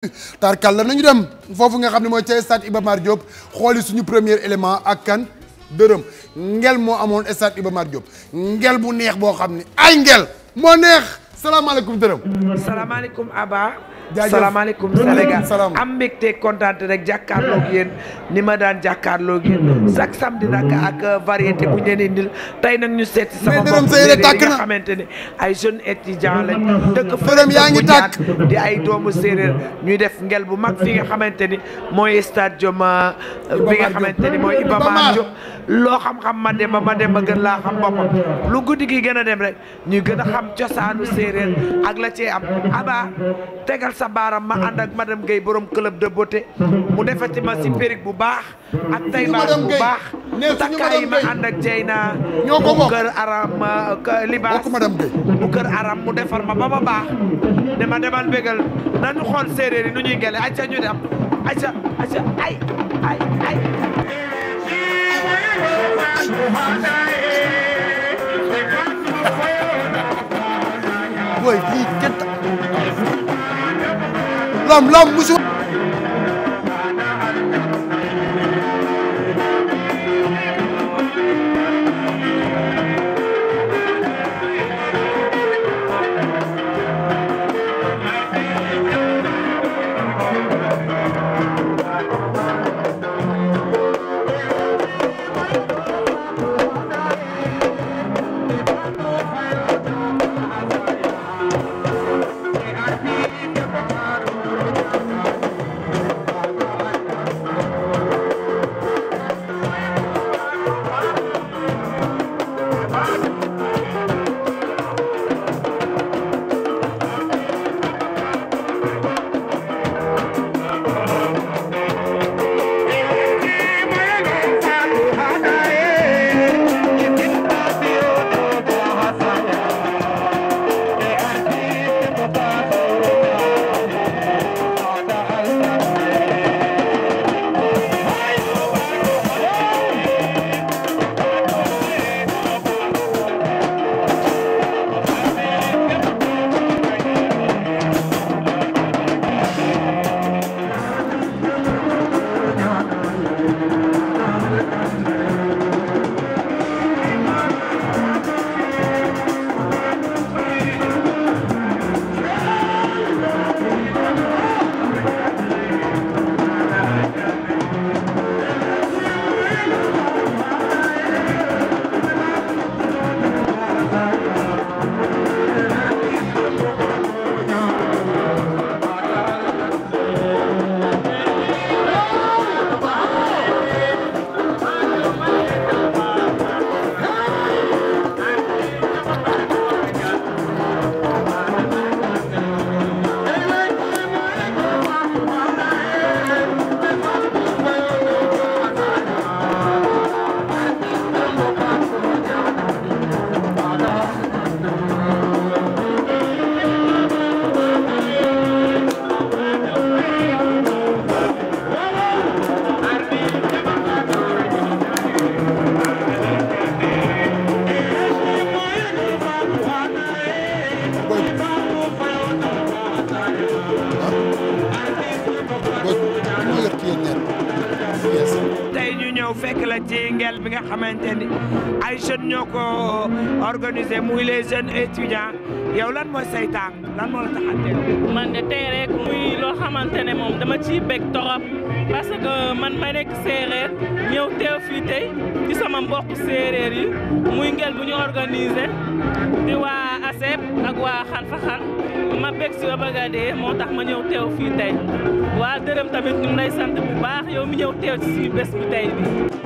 tarkal la nañu dem foofu nga xam ne mooy ca stade Iba Mar Diop xooli suñu premier élément ak kan dërëm ngel moo amoon stade Iba Mar ngel bu neex boo xam ne ay ngel moo neex salaamaaleykum dërëm. salaamaaleykum Aba. jaajëf salaamaaleykum am mbégte kontaan rek jàkkaarloog yéen ni ma daan jàkkaarloog yéen chaque samedi nag ak euh, variété bu ñu leen tey nag ñu seeti sama mbokku séeréer yi xamante ni ay jeunes étudiants lañ dëkk fërëm yaa ngi tàkk di ay doomu séeréer ñuy def ngel bu mag fi nga xamante ni mooy stadium euh, bi nga xamante ni mooy Iba Mar loo xam-xam ma dem ma dem ma gën laa xam boppam lu guddi gi gën a dem rek ñu gën xam cosaanu séeréer ak la cee am abaa tegal sa baaram ma ànd ma madame Guèye borom club de beauté mu defati ma si périg bu baax ak tay baax bu baax takkaay yi ma ànd ak Jeyna ñoo ko bokk kër aram libaas bu kër aram mu defar ma ba ma baax dama demal bégal nañu xool séeréer yi nu ñuy gele acca ñu dem acca acca ay ay ay lam lam musu Thank you. fekk la ci ngel bi nga xamante ni ay jeunes ñoo ko organisé muy les jeunes étudiants yow lan mooy seytaan tànk lan moo la taxante man de tey rek muy loo xamante ne moom dama ci bég torop parce que man ma nekk séeréer ñëw teew fii tey ci sama mbokk séeréer yi muy ngel bu ñu organisé di waa ASEP ak waa xan fa xan ma bég si ba bëgg a dee moo tax ma ñëw teew fii tey waa dërëm tamit ñu lay sant bu baax yow mi ñëw teew ci si bés bi tey bi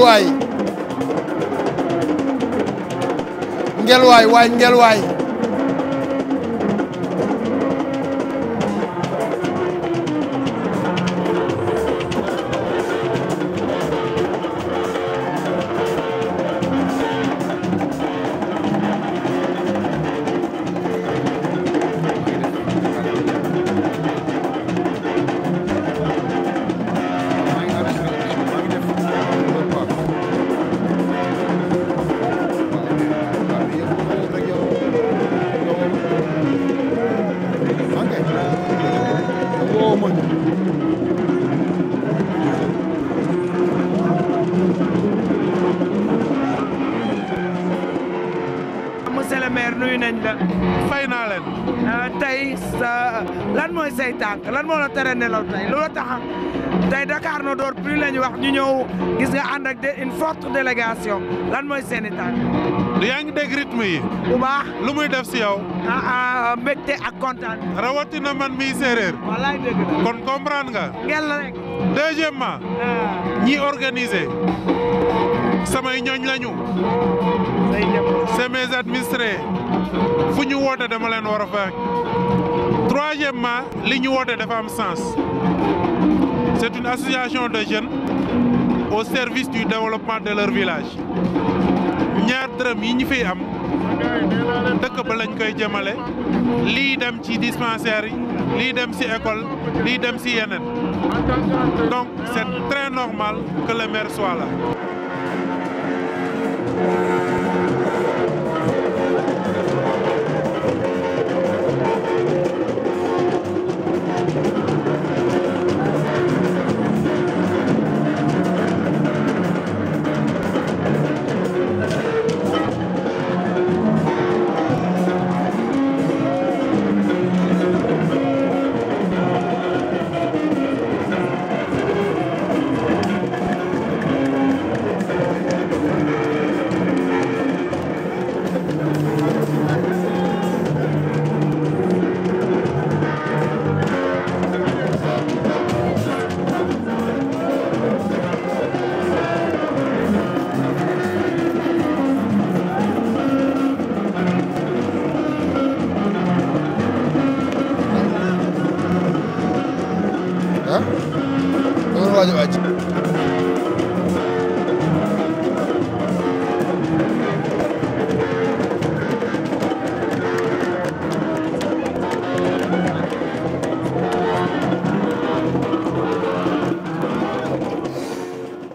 waay ngelwaay waay ngelwaay nañ la. naa leen. Euh, tey lan mooy say lan moo la tere nelaw tey loola tax tey Dakar ne dort plus la ñu wax ñu ñëw gis nga ànd ak une forte délégation lan mooy seen i tànk. yaa ngi dégg yi. bu baax lu muy def si yow. ah, ah ak kontaan. rawatina man mi séeréer. wallaay dégg la kon comprendre nga. ngel rek. deuxièmement. Ah. ñi organiser. samay ñooñ lañu c'est mes administrés fu ñu woote dama leen war a fekk troisièmement li ñu woote dafa am sens c'est une association de jeunes au service du développement de leur village ñaar dërëm yi ñu fiy am dëkk ba lañ koy jëmale lii dem ci dispensaire yi lii dem ci école lii dem ci yeneen donc c'est très normal que le Thank you.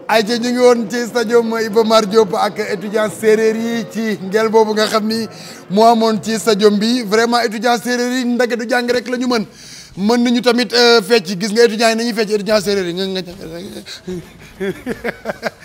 ayca ñu ngi woon ci stadium Iba Mar Diop ak étudiants séeréer yi ci ngel boobu nga xam ni moo amoon ci stadium bi vraiment étudiants séeréer yi ndage du jàng rek la ñu mën mën nañu tamit euh, fecc gis nga étudiants yi nañuy fecc étudiants séeréer yi nga nga